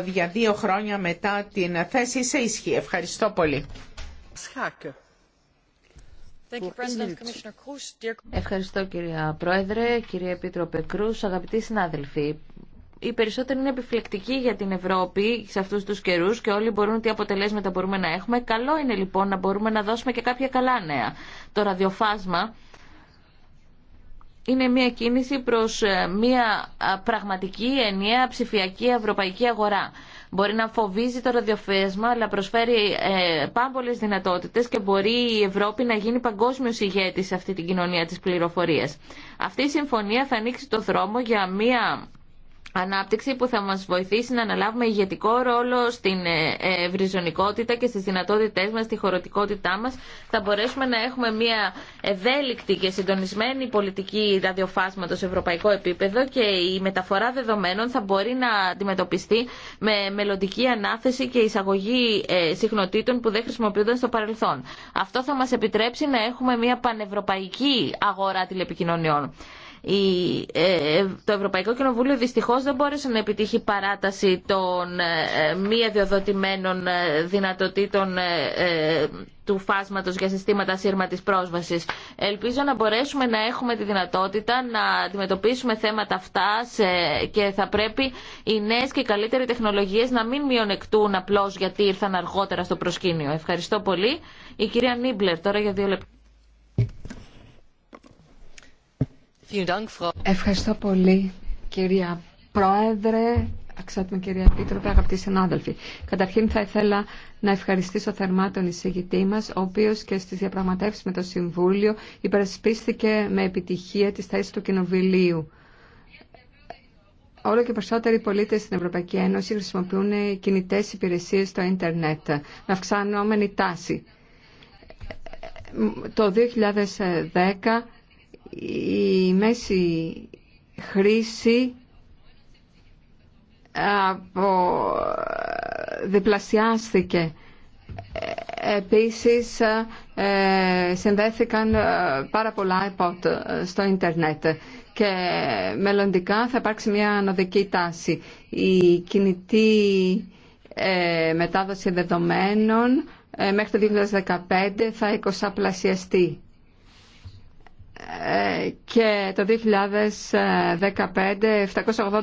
για δύο χρόνια μετά την θέση σε ισχύ. Ευχαριστώ πολύ. Ευχαριστώ κυρία Πρόεδρε, κυρία Επίτροπε Κρούς, αγαπητοί συνάδελφοι. Οι περισσότεροι είναι επιφυλεκτικοί για την Ευρώπη σε αυτού του καιρού και όλοι μπορούν τι αποτελέσματα μπορούμε να έχουμε. Καλό είναι λοιπόν να μπορούμε να δώσουμε και κάποια καλά νέα. Το ραδιοφάσμα είναι μια κίνηση προ ε, μια πραγματική ενιαία ψηφιακή ευρωπαϊκή αγορά. Μπορεί να φοβίζει το ραδιοφέσμα, αλλά προσφέρει ε, πάμπολες δυνατότητες και μπορεί η Ευρώπη να γίνει παγκόσμιος ηγέτης σε αυτή την κοινωνία της πληροφορίας. Αυτή η συμφωνία θα ανοίξει το δρόμο για μια ανάπτυξη που θα μας βοηθήσει να αναλάβουμε ηγετικό ρόλο στην ε, ευρυζωνικότητα και στις δυνατότητές μας, στη χωροτικότητά μας. Θα μπορέσουμε να έχουμε μια ευέλικτη και συντονισμένη πολιτική ραδιοφάσματος σε ευρωπαϊκό επίπεδο και η μεταφορά δεδομένων θα μπορεί να αντιμετωπιστεί με μελλοντική ανάθεση και εισαγωγή ε, συχνοτήτων που δεν χρησιμοποιούνταν στο παρελθόν. Αυτό θα μας επιτρέψει να έχουμε μια πανευρωπαϊκή αγορά τηλεπικοινωνιών. Ε, το Ευρωπαϊκό Κοινοβούλιο δυστυχώς δεν μπόρεσε να επιτύχει παράταση των ε, μη αδειοδοτημένων ε, δυνατοτήτων του φάσματος για συστήματα σύρματης πρόσβασης. Ελπίζω να μπορέσουμε να έχουμε τη δυνατότητα να αντιμετωπίσουμε θέματα αυτά και θα πρέπει οι νέες και οι καλύτεροι τεχνολογίες να μην μειονεκτούν απλώς γιατί ήρθαν αργότερα στο προσκήνιο. Ευχαριστώ πολύ. Η κυρία Νίμπλερ τώρα για δύο λεπτά. Ευχαριστώ πολύ κυρία Πρόεδρε, αξιότιμη κυρία Επίτροπε, αγαπητοί συνάδελφοι. Καταρχήν θα ήθελα να ευχαριστήσω θερμά τον εισηγητή μας, ο οποίος και στις διαπραγματεύσεις με το Συμβούλιο υπερασπίστηκε με επιτυχία τη θέση του Κοινοβουλίου. Όλο και περισσότεροι πολίτε στην Ευρωπαϊκή Ένωση χρησιμοποιούν κινητέ υπηρεσίε στο ίντερνετ με αυξανόμενη τάση. Το 2010 η μέση χρήση ε, από ε, διπλασιάστηκε. Ε, επίσης συνδέθηκαν πάρα πολλά iPod στο ίντερνετ και μελλοντικά θα υπάρξει μια ανωδική τάση. Η κινητή μετάδοση δεδομένων μέχρι το 2015 θα εικοσαπλασιαστεί και το 2015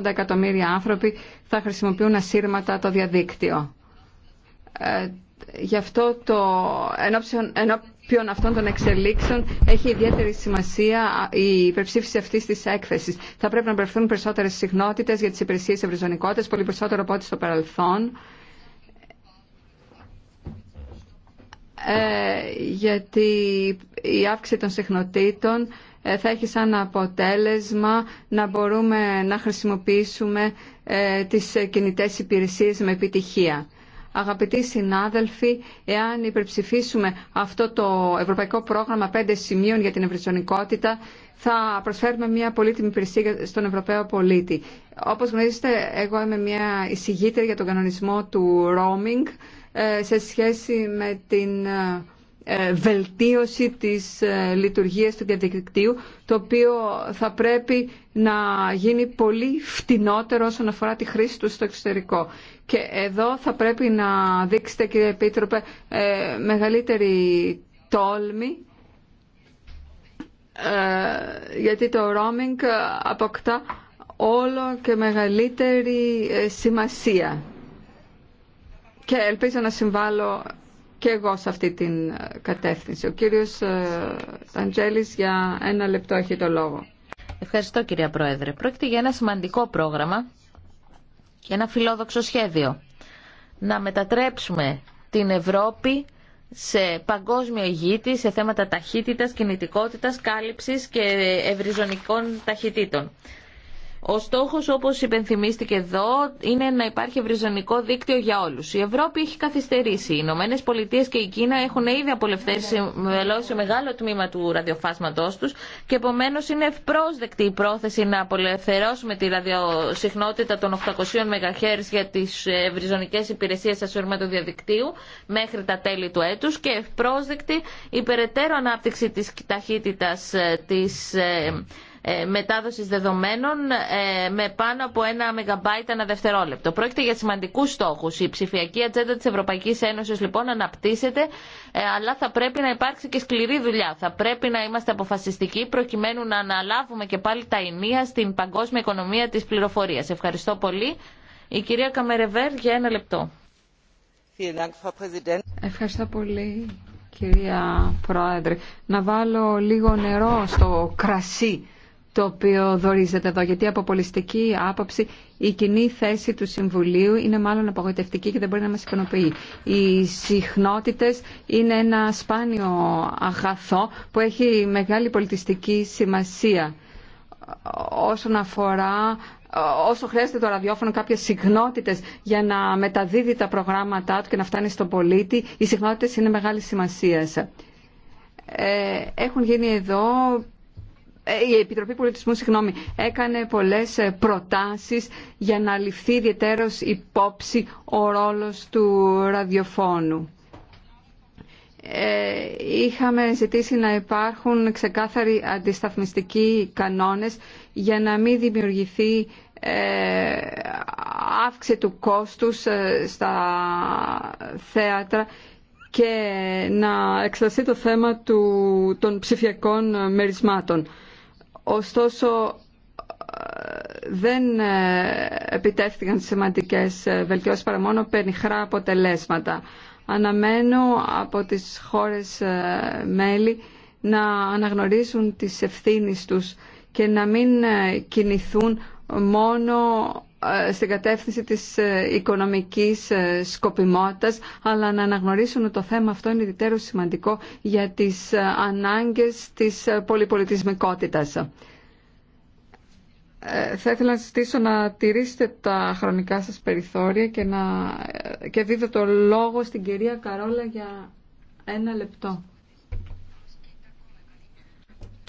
780 εκατομμύρια άνθρωποι θα χρησιμοποιούν ασύρματα το διαδίκτυο. Ε, γι' αυτό το ενώπιον αυτών των εξελίξεων έχει ιδιαίτερη σημασία η υπερψήφιση αυτή τη έκθεση. Θα πρέπει να μπερθούν περισσότερε συχνότητε για τι υπηρεσίε ευρυζωνικότητα, πολύ περισσότερο από ό,τι στο παρελθόν. Ε, γιατί η αύξηση των συχνοτήτων ε, θα έχει σαν αποτέλεσμα να μπορούμε να χρησιμοποιήσουμε ε, τις κινητές υπηρεσίες με επιτυχία. Αγαπητοί συνάδελφοι, εάν υπερψηφίσουμε αυτό το ευρωπαϊκό πρόγραμμα πέντε σημείων για την ευρυζωνικότητα, θα προσφέρουμε μια πολύτιμη υπηρεσία στον Ευρωπαίο πολίτη. Όπως γνωρίζετε, εγώ είμαι μια εισηγήτρια για τον κανονισμό του roaming ε, σε σχέση με την ε, βελτίωση της ε, λειτουργίας του διαδικτύου, το οποίο θα πρέπει να γίνει πολύ φτηνότερο όσον αφορά τη χρήση του στο εξωτερικό. Και εδώ θα πρέπει να δείξετε, κύριε Επίτροπε, μεγαλύτερη τόλμη, γιατί το roaming αποκτά όλο και μεγαλύτερη σημασία και ελπίζω να συμβάλλω και εγώ σε αυτή την ε, κατεύθυνση. Ο κύριος ε, Ταντζέλης για ένα λεπτό έχει το λόγο. Ευχαριστώ κυρία Πρόεδρε. Πρόκειται για ένα σημαντικό πρόγραμμα και ένα φιλόδοξο σχέδιο. Να μετατρέψουμε την Ευρώπη σε παγκόσμιο ηγήτη σε θέματα ταχύτητας, κινητικότητας, κάλυψης και ευρυζωνικών ταχυτήτων. Ο στόχος, όπως υπενθυμίστηκε εδώ, είναι να υπάρχει ευρυζωνικό δίκτυο για όλους. Η Ευρώπη έχει καθυστερήσει. Οι Ηνωμένε Πολιτείε και η Κίνα έχουν ήδη σε μεγάλο τμήμα του ραδιοφάσματός τους και επομένως είναι ευπρόσδεκτη η πρόθεση να απολευθερώσουμε τη ραδιοσυχνότητα των 800 MHz για τις ευρυζωνικές υπηρεσίες ασύρμα διαδικτύου μέχρι τα τέλη του έτους και ευπρόσδεκτη η περαιτέρω ανάπτυξη της ταχύτητας ε, της ε, ε, μετάδοσης δεδομένων ε, με πάνω από ένα μεγαμπάιτ ανά δευτερόλεπτο. Πρόκειται για σημαντικούς στόχους. Η ψηφιακή ατζέντα της Ευρωπαϊκής Ένωσης λοιπόν αναπτύσσεται, ε, αλλά θα πρέπει να υπάρξει και σκληρή δουλειά. Θα πρέπει να είμαστε αποφασιστικοί προκειμένου να αναλάβουμε και πάλι τα ενία στην παγκόσμια οικονομία της πληροφορίας. Ευχαριστώ πολύ. Η κυρία Καμερεβέρ για ένα λεπτό. Ευχαριστώ πολύ κυρία Πρόεδρε. Να βάλω λίγο νερό στο κρασί το οποίο δορίζεται εδώ, γιατί από πολιστική άποψη η κοινή θέση του Συμβουλίου είναι μάλλον απογοητευτική και δεν μπορεί να μας ικανοποιεί. Οι συχνότητες είναι ένα σπάνιο αγαθό που έχει μεγάλη πολιτιστική σημασία όσον αφορά όσο χρειάζεται το ραδιόφωνο κάποιε συχνότητε για να μεταδίδει τα προγράμματά του και να φτάνει στον πολίτη, οι συχνότητε είναι μεγάλη σημασία. Ε, έχουν γίνει εδώ ε, η Επιτροπή Πολιτισμού συγγνώμη, έκανε πολλές ε, προτάσεις για να ληφθεί ιδιαίτερος υπόψη ο ρόλος του ραδιοφώνου. Ε, είχαμε ζητήσει να υπάρχουν ξεκάθαροι αντισταθμιστικοί κανόνες για να μην δημιουργηθεί αύξηση του κόστους στα θέατρα και να εξασθεί το θέμα του, των ψηφιακών μερισμάτων. Ωστόσο, δεν ε, επιτεύχθηκαν σημαντικές ε, βελτιώσεις παρά μόνο πενιχρά αποτελέσματα. Αναμένω από τις χώρες ε, μέλη να αναγνωρίσουν τις ευθύνες τους και να μην κινηθούν μόνο ε, στην κατεύθυνση της ε, οικονομικής ε, σκοπιμότητας, αλλά να αναγνωρίσουν ότι το θέμα αυτό είναι ιδιαίτερο σημαντικό για τις ανάγκες της πολυπολιτισμικότητας. Θα ήθελα να ζητήσω να τηρήσετε τα χρονικά σας περιθώρια και, να... και δίδω το λόγο στην κυρία Καρόλα για ένα λεπτό.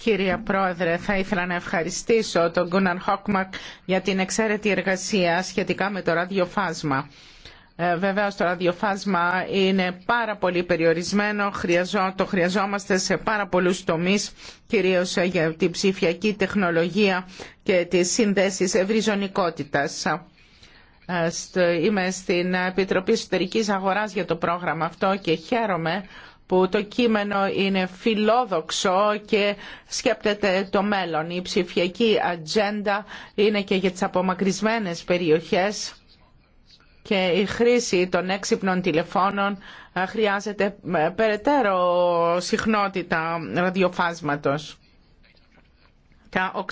Κύριε Πρόεδρε, θα ήθελα να ευχαριστήσω τον Κούναρ Χόκμακ για την εξαίρετη εργασία σχετικά με το ραδιοφάσμα. Ε, Βεβαίω, το ραδιοφάσμα είναι πάρα πολύ περιορισμένο, το χρειαζόμαστε σε πάρα πολλούς τομείς, κυρίως ε, για την ψηφιακή τεχνολογία και τις συνδέσεις ευρυζωνικότητας. Ε, είμαι στην Επιτροπή Εσωτερικής Αγοράς για το πρόγραμμα αυτό και χαίρομαι που το κείμενο είναι φιλόδοξο και σκέπτεται το μέλλον. Η ψηφιακή ατζέντα είναι και για τις απομακρυσμένες περιοχές και η χρήση των έξυπνων τηλεφώνων ε, χρειάζεται ε, περαιτέρω συχνότητα ραδιοφάσματος. Τα 800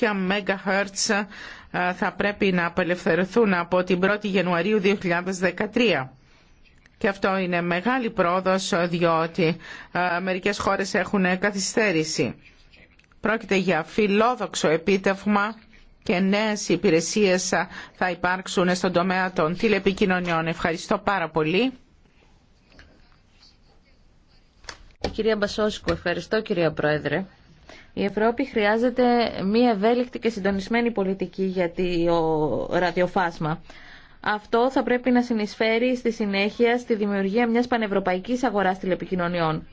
MHz ε, θα πρέπει να απελευθερωθούν από την 1η Ιανουαρίου 2013 και αυτό είναι μεγάλη πρόοδος διότι ε, μερικές χώρες έχουν καθυστέρηση. Πρόκειται για φιλόδοξο επίτευγμα και νέες υπηρεσίες θα υπάρξουν στον τομέα των τηλεπικοινωνιών. Ευχαριστώ πάρα πολύ. Κυρία Μπασόσκου, ευχαριστώ κυρία Πρόεδρε. Η Ευρώπη χρειάζεται μία ευέλικτη και συντονισμένη πολιτική για το ραδιοφάσμα. Αυτό θα πρέπει να συνεισφέρει στη συνέχεια στη δημιουργία μιας πανευρωπαϊκής αγοράς τηλεπικοινωνιών.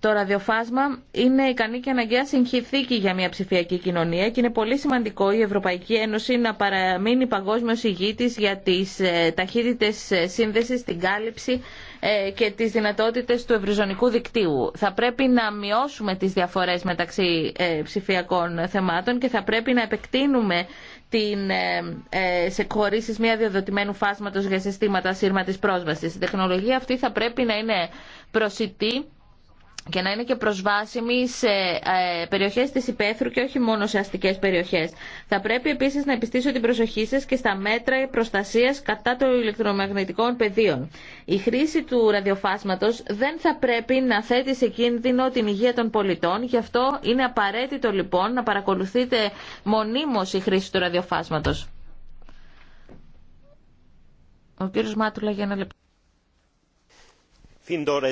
Το ραδιοφάσμα είναι ικανή και αναγκαία συγχυθήκη για μια ψηφιακή κοινωνία και είναι πολύ σημαντικό η Ευρωπαϊκή Ένωση να παραμείνει παγκόσμιο ηγήτη για τι ε, ταχύτητε ε, σύνδεση, την κάλυψη ε, και τι δυνατότητε του ευρυζωνικού δικτύου. Θα πρέπει να μειώσουμε τι διαφορέ μεταξύ ψηφιακών θεμάτων και θα πρέπει να επεκτείνουμε την ε, ε σε μια διαδοτημένου φάσματος για συστήματα σύρματης πρόσβασης. Η τεχνολογία αυτή θα πρέπει να είναι προσιτή και να είναι και προσβάσιμη σε ε, περιοχές της υπαίθρου και όχι μόνο σε αστικές περιοχές. Θα πρέπει επίσης να επιστήσω την προσοχή σας και στα μέτρα προστασίας κατά των ηλεκτρομαγνητικών πεδίων. Η χρήση του ραδιοφάσματος δεν θα πρέπει να θέτει σε κίνδυνο την υγεία των πολιτών, γι' αυτό είναι απαραίτητο λοιπόν να παρακολουθείτε μονίμως η χρήση του ραδιοφάσματος. Ο κύριος Μάτουλα για η e,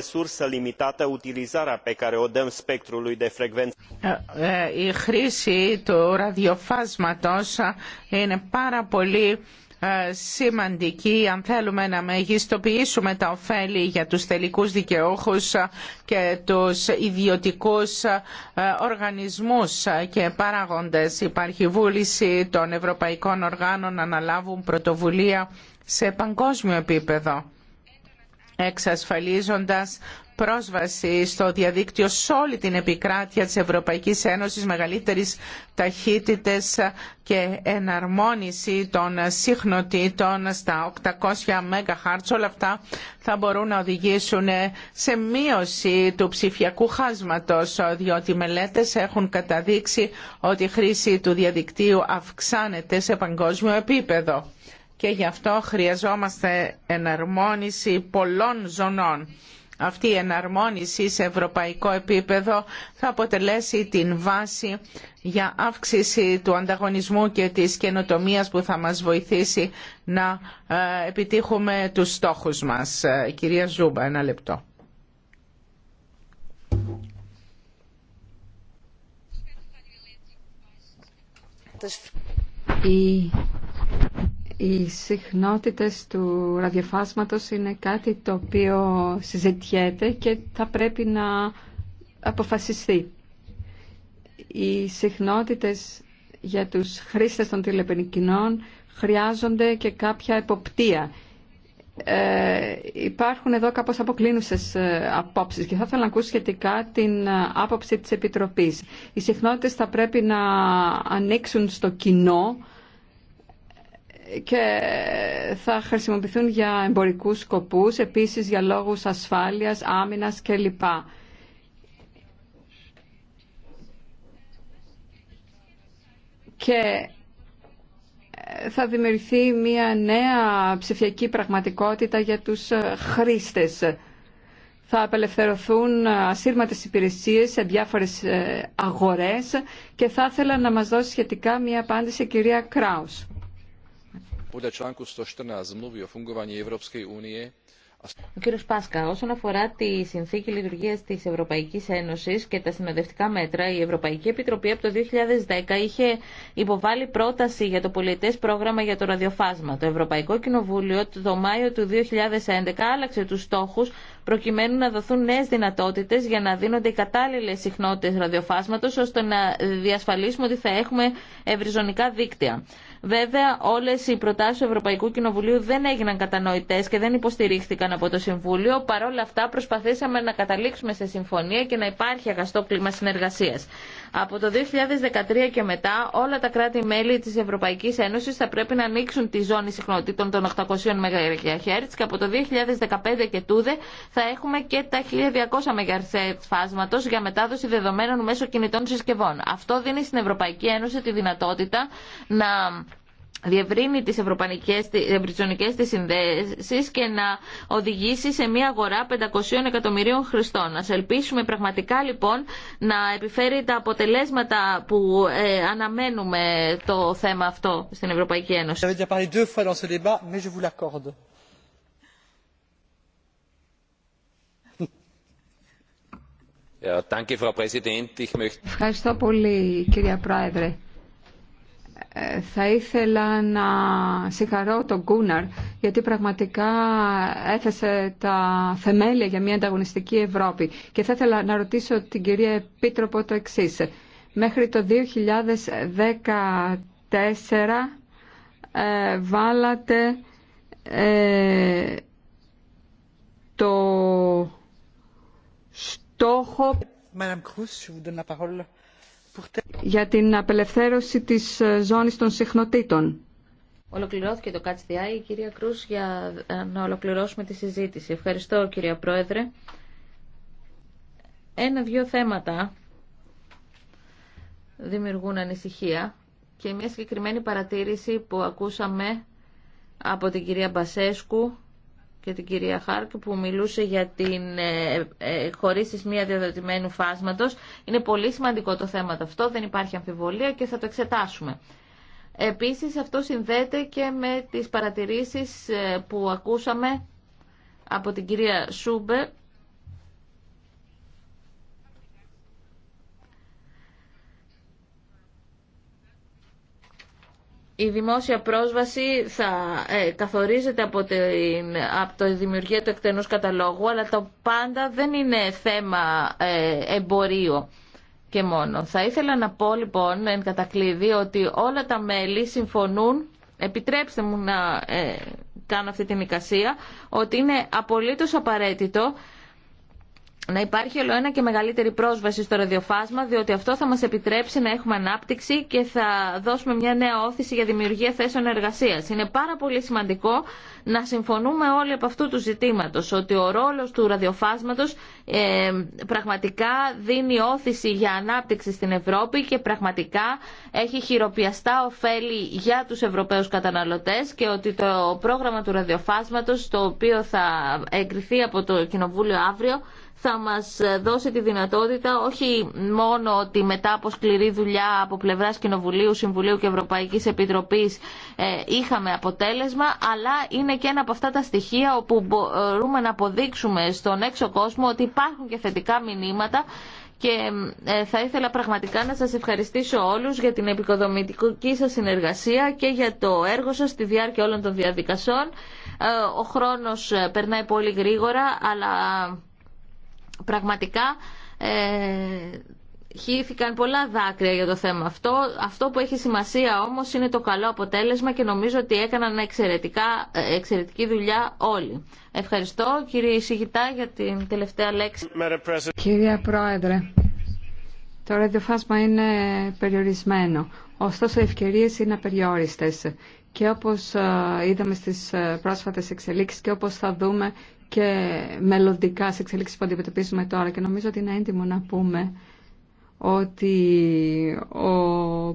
e, e χρήση του ραδιοφάσματος ε, είναι πάρα πολύ ε, σημαντική αν θέλουμε να μεγιστοποιήσουμε τα ωφέλη για τους τελικούς δικαιούχους ε, και τους ιδιωτικούς οργανισμούς και παράγοντες. Υπάρχει βούληση των ευρωπαϊκών οργάνων να αναλάβουν πρωτοβουλία σε παγκόσμιο επίπεδο εξασφαλίζοντας πρόσβαση στο διαδίκτυο σε όλη την επικράτεια της Ευρωπαϊκής Ένωσης μεγαλύτερης ταχύτητες και εναρμόνιση των συχνοτήτων στα 800 MHz. Όλα αυτά θα μπορούν να οδηγήσουν σε μείωση του ψηφιακού χάσματος, διότι οι μελέτες έχουν καταδείξει ότι η χρήση του διαδικτύου αυξάνεται σε παγκόσμιο επίπεδο και γι' αυτό χρειαζόμαστε εναρμόνιση πολλών ζωνών. Αυτή η εναρμόνιση σε ευρωπαϊκό επίπεδο θα αποτελέσει την βάση για αύξηση του ανταγωνισμού και της καινοτομίας που θα μας βοηθήσει να ε, επιτύχουμε τους στόχους μας. Ε, κυρία Ζούμπα, ένα λεπτό. Οι συχνότητες του ραδιοφάσματος είναι κάτι το οποίο συζητιέται και θα πρέπει να αποφασιστεί. Οι συχνότητες για τους χρήστες των τηλεπενικοινών χρειάζονται και κάποια εποπτεία. Ε, υπάρχουν εδώ κάπως αποκλίνουσες ε, απόψεις και θα ήθελα να ακούσω σχετικά την ε, άποψη της Επιτροπής. Οι συχνότητες θα πρέπει να ανοίξουν στο κοινό και θα χρησιμοποιηθούν για εμπορικούς σκοπούς, επίσης για λόγους ασφάλειας, άμυνας κλπ. Και ε, θα δημιουργηθεί μια νέα ψηφιακή πραγματικότητα για τους ε, χρήστες. Θα απελευθερωθούν ε, ασύρματες υπηρεσίες σε διάφορες αγορές και θα ήθελα να μας δώσει σχετικά μια απάντηση κυρία Κράους ο κύριος Πάσκα, όσον αφορά τη συνθήκη λειτουργίας της Ευρωπαϊκής Ένωσης και τα συνοδευτικά μέτρα, η Ευρωπαϊκή Επιτροπή από το 2010 είχε υποβάλει πρόταση για το πολιτέ πρόγραμμα για το ραδιοφάσμα. Το Ευρωπαϊκό Κοινοβούλιο το Μάιο του 2011 άλλαξε τους στόχους προκειμένου να δοθούν νέε δυνατότητε για να δίνονται οι κατάλληλε συχνότητε ραδιοφάσματο, ώστε να διασφαλίσουμε ότι θα έχουμε ευρυζωνικά δίκτυα. Βέβαια, όλε οι προτάσει του Ευρωπαϊκού Κοινοβουλίου δεν έγιναν κατανοητέ και δεν υποστηρίχθηκαν από το Συμβούλιο. Παρ' όλα αυτά, προσπαθήσαμε να καταλήξουμε σε συμφωνία και να υπάρχει αγαστό κλίμα συνεργασία. Από το 2013 και μετά, όλα τα κράτη-μέλη τη Ευρωπαϊκή Ένωση θα πρέπει να ανοίξουν τη ζώνη συχνοτήτων των 800 MHz και από το 2015 και τούδε θα έχουμε και τα 1200 MHz φάσματο για μετάδοση δεδομένων μέσω κινητών συσκευών. Αυτό δίνει στην Ευρωπαϊκή Ένωση τη δυνατότητα να διευρύνει τις ευρωπαϊκές ευρυζωνικές της συνδέσεις και να οδηγήσει σε μια αγορά 500 εκατομμυρίων χρηστών. Ας ελπίσουμε πραγματικά λοιπόν να επιφέρει τα αποτελέσματα που ε, αναμένουμε το θέμα αυτό στην Ευρωπαϊκή Ένωση. Ευχαριστώ πολύ κυρία Πρόεδρε. Ε, θα ήθελα να συγχαρώ τον Κούναρ γιατί πραγματικά έθεσε τα θεμέλια για μια ανταγωνιστική Ευρώπη και θα ήθελα να ρωτήσω την κυρία Επίτροπο το εξή. Μέχρι το 2014 ε, βάλατε ε, το στόχο... Madame Cruz, je vous parole για την απελευθέρωση της ε, ζώνης των συχνοτήτων. Ολοκληρώθηκε το Catch the κυρία Κρούς, για ε, να ολοκληρώσουμε τη συζήτηση. Ευχαριστώ, κυρία Πρόεδρε. Ένα-δυο θέματα δημιουργούν ανησυχία και μια συγκεκριμένη παρατήρηση που ακούσαμε από την κυρία Μπασέσκου και την κυρία Χάρκ που μιλούσε για την ε, ε χωρίσεις μία διαδοτημένου φάσματος. Είναι πολύ σημαντικό το θέμα αυτό, δεν υπάρχει αμφιβολία και θα το εξετάσουμε. Επίσης αυτό συνδέεται και με τις παρατηρήσεις ε, που ακούσαμε από την κυρία Σούμπερ η δημόσια πρόσβαση θα ε, καθορίζεται από, την, από το δημιουργία του εκτενούς καταλόγου, αλλά το πάντα δεν είναι θέμα ε, εμπορίου και μόνο. Θα ήθελα να πω λοιπόν εν κατακλείδη ότι όλα τα μέλη συμφωνούν, επιτρέψτε μου να ε, κάνω αυτή την εικασία, ότι είναι απολύτως απαραίτητο να υπάρχει όλο ένα και μεγαλύτερη πρόσβαση στο ραδιοφάσμα, διότι αυτό θα μας επιτρέψει να έχουμε ανάπτυξη και θα δώσουμε μια νέα όθηση για δημιουργία θέσεων εργασίας. Είναι πάρα πολύ σημαντικό να συμφωνούμε όλοι από αυτού του ζητήματος, ότι ο ρόλος του ραδιοφάσματος ε, πραγματικά δίνει όθηση για ανάπτυξη στην Ευρώπη και πραγματικά έχει χειροπιαστά ωφέλη για τους Ευρωπαίους καταναλωτές και ότι το πρόγραμμα του ραδιοφάσματος, το οποίο θα εγκριθεί από το Κοινοβούλιο αύριο, θα μας δώσει τη δυνατότητα όχι μόνο ότι μετά από σκληρή δουλειά από πλευράς Κοινοβουλίου, Συμβουλίου και Ευρωπαϊκής Επιτροπής ε, είχαμε αποτέλεσμα, αλλά είναι και ένα από αυτά τα στοιχεία όπου μπορούμε να αποδείξουμε στον έξω κόσμο ότι υπάρχουν και θετικά μηνύματα και ε, θα ήθελα πραγματικά να σας ευχαριστήσω όλους για την επικοδομητική σας συνεργασία και για το έργο σας στη διάρκεια όλων των διαδικασών. Ε, ο χρόνος περνάει πολύ γρήγορα, αλλά Πραγματικά ε, χύθηκαν πολλά δάκρυα για το θέμα αυτό. Αυτό που έχει σημασία όμως είναι το καλό αποτέλεσμα και νομίζω ότι έκαναν εξαιρετικά, ε, εξαιρετική δουλειά όλοι. Ευχαριστώ κύριε Ισηγητά για την τελευταία λέξη. Κυρία Πρόεδρε, το ραδιοφάσμα είναι περιορισμένο. Ωστόσο, οι ευκαιρίε είναι περιόριστες. Και όπως ε, είδαμε στι ε, πρόσφατε εξελίξει και όπω θα δούμε και μελλοντικά σε εξελίξεις που αντιμετωπίζουμε τώρα και νομίζω ότι είναι έντιμο να πούμε ότι ο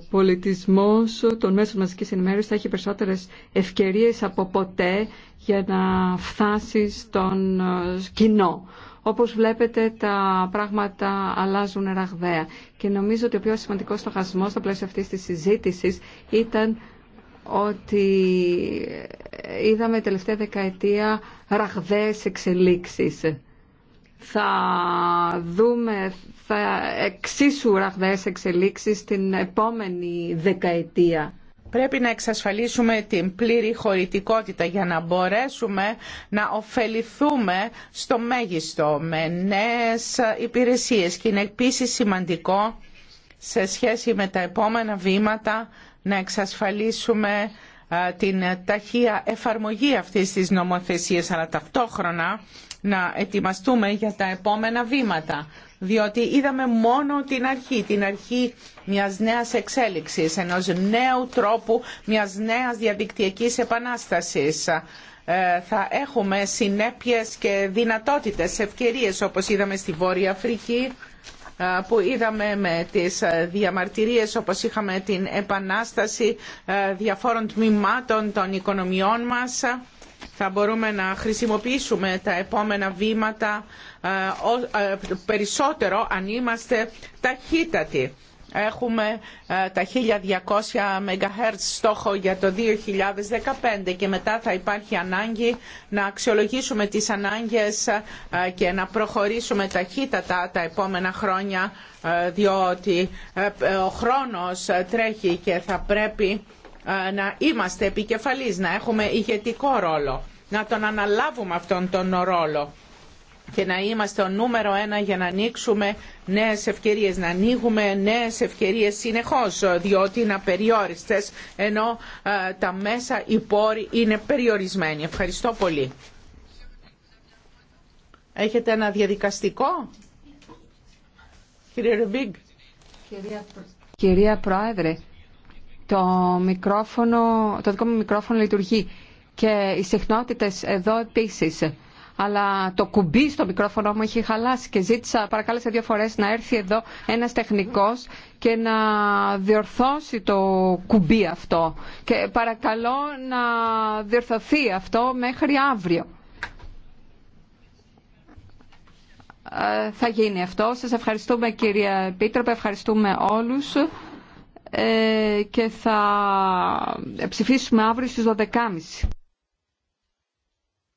πολιτισμός των μέσων μαζικής ενημέρωσης θα έχει περισσότερες ευκαιρίες από ποτέ για να φτάσει στον ε, κοινό. Όπως βλέπετε τα πράγματα αλλάζουν ραγδαία και νομίζω ότι ο πιο σημαντικός στοχασμός στο πλαίσιο αυτής της συζήτησης ήταν ότι είδαμε τελευταία δεκαετία ραγδαίες εξελίξεις. Θα δούμε θα εξίσου ραγδαίες εξελίξεις την επόμενη δεκαετία. Πρέπει να εξασφαλίσουμε την πλήρη χωρητικότητα για να μπορέσουμε να ωφεληθούμε στο μέγιστο με νέες υπηρεσίες και είναι επίσης σημαντικό σε σχέση με τα επόμενα βήματα να εξασφαλίσουμε την ταχεία εφαρμογή αυτής της νομοθεσίας, αλλά ταυτόχρονα να ετοιμαστούμε για τα επόμενα βήματα. Διότι είδαμε μόνο την αρχή, την αρχή μιας νέας εξέλιξης, ενός νέου τρόπου, μιας νέας διαδικτυακής επανάστασης θα έχουμε συνέπειες και δυνατότητες, ευκαιρίες όπως είδαμε στη Βόρεια Αφρική που είδαμε με τις ε, διαμαρτυρίες όπως είχαμε την επανάσταση ε, διαφόρων τμήματων των οικονομιών μας θα μπορούμε να χρησιμοποιήσουμε τα επόμενα βήματα ε, περισσότερο αν είμαστε ταχύτατοι Έχουμε ε, τα 1200 MHz στόχο για το 2015 και μετά θα υπάρχει ανάγκη να αξιολογήσουμε τις ανάγκες ε, και να προχωρήσουμε ταχύτατα τα επόμενα χρόνια ε, διότι ο χρόνος τρέχει και θα πρέπει να είμαστε επικεφαλής, να έχουμε ηγετικό ρόλο, να τον αναλάβουμε αυτόν τον ρόλο και να είμαστε ο νούμερο ένα για να ανοίξουμε νέες ευκαιρίες, να ανοίγουμε νέες ευκαιρίες συνεχώς, διότι είναι απεριόριστες, ενώ ε, τα μέσα, οι πόροι είναι περιορισμένοι. Ευχαριστώ πολύ. Έχετε ένα διαδικαστικό, κύριε Ρουμπίγκ. Κυρία... Πρόεδρε, το, μικρόφωνο, το δικό μου μικρόφωνο λειτουργεί και οι συχνότητες εδώ επίσης αλλά το κουμπί στο μικρόφωνο μου έχει χαλάσει και ζήτησα, παρακάλεσα δύο φορές να έρθει εδώ ένας τεχνικός και να διορθώσει το κουμπί αυτό. Και παρακαλώ να διορθωθεί αυτό μέχρι αύριο. Ε, θα γίνει αυτό. Σας ευχαριστούμε κυρία Επίτροπε, ευχαριστούμε όλους ε, και θα ψηφίσουμε αύριο στις 12.30.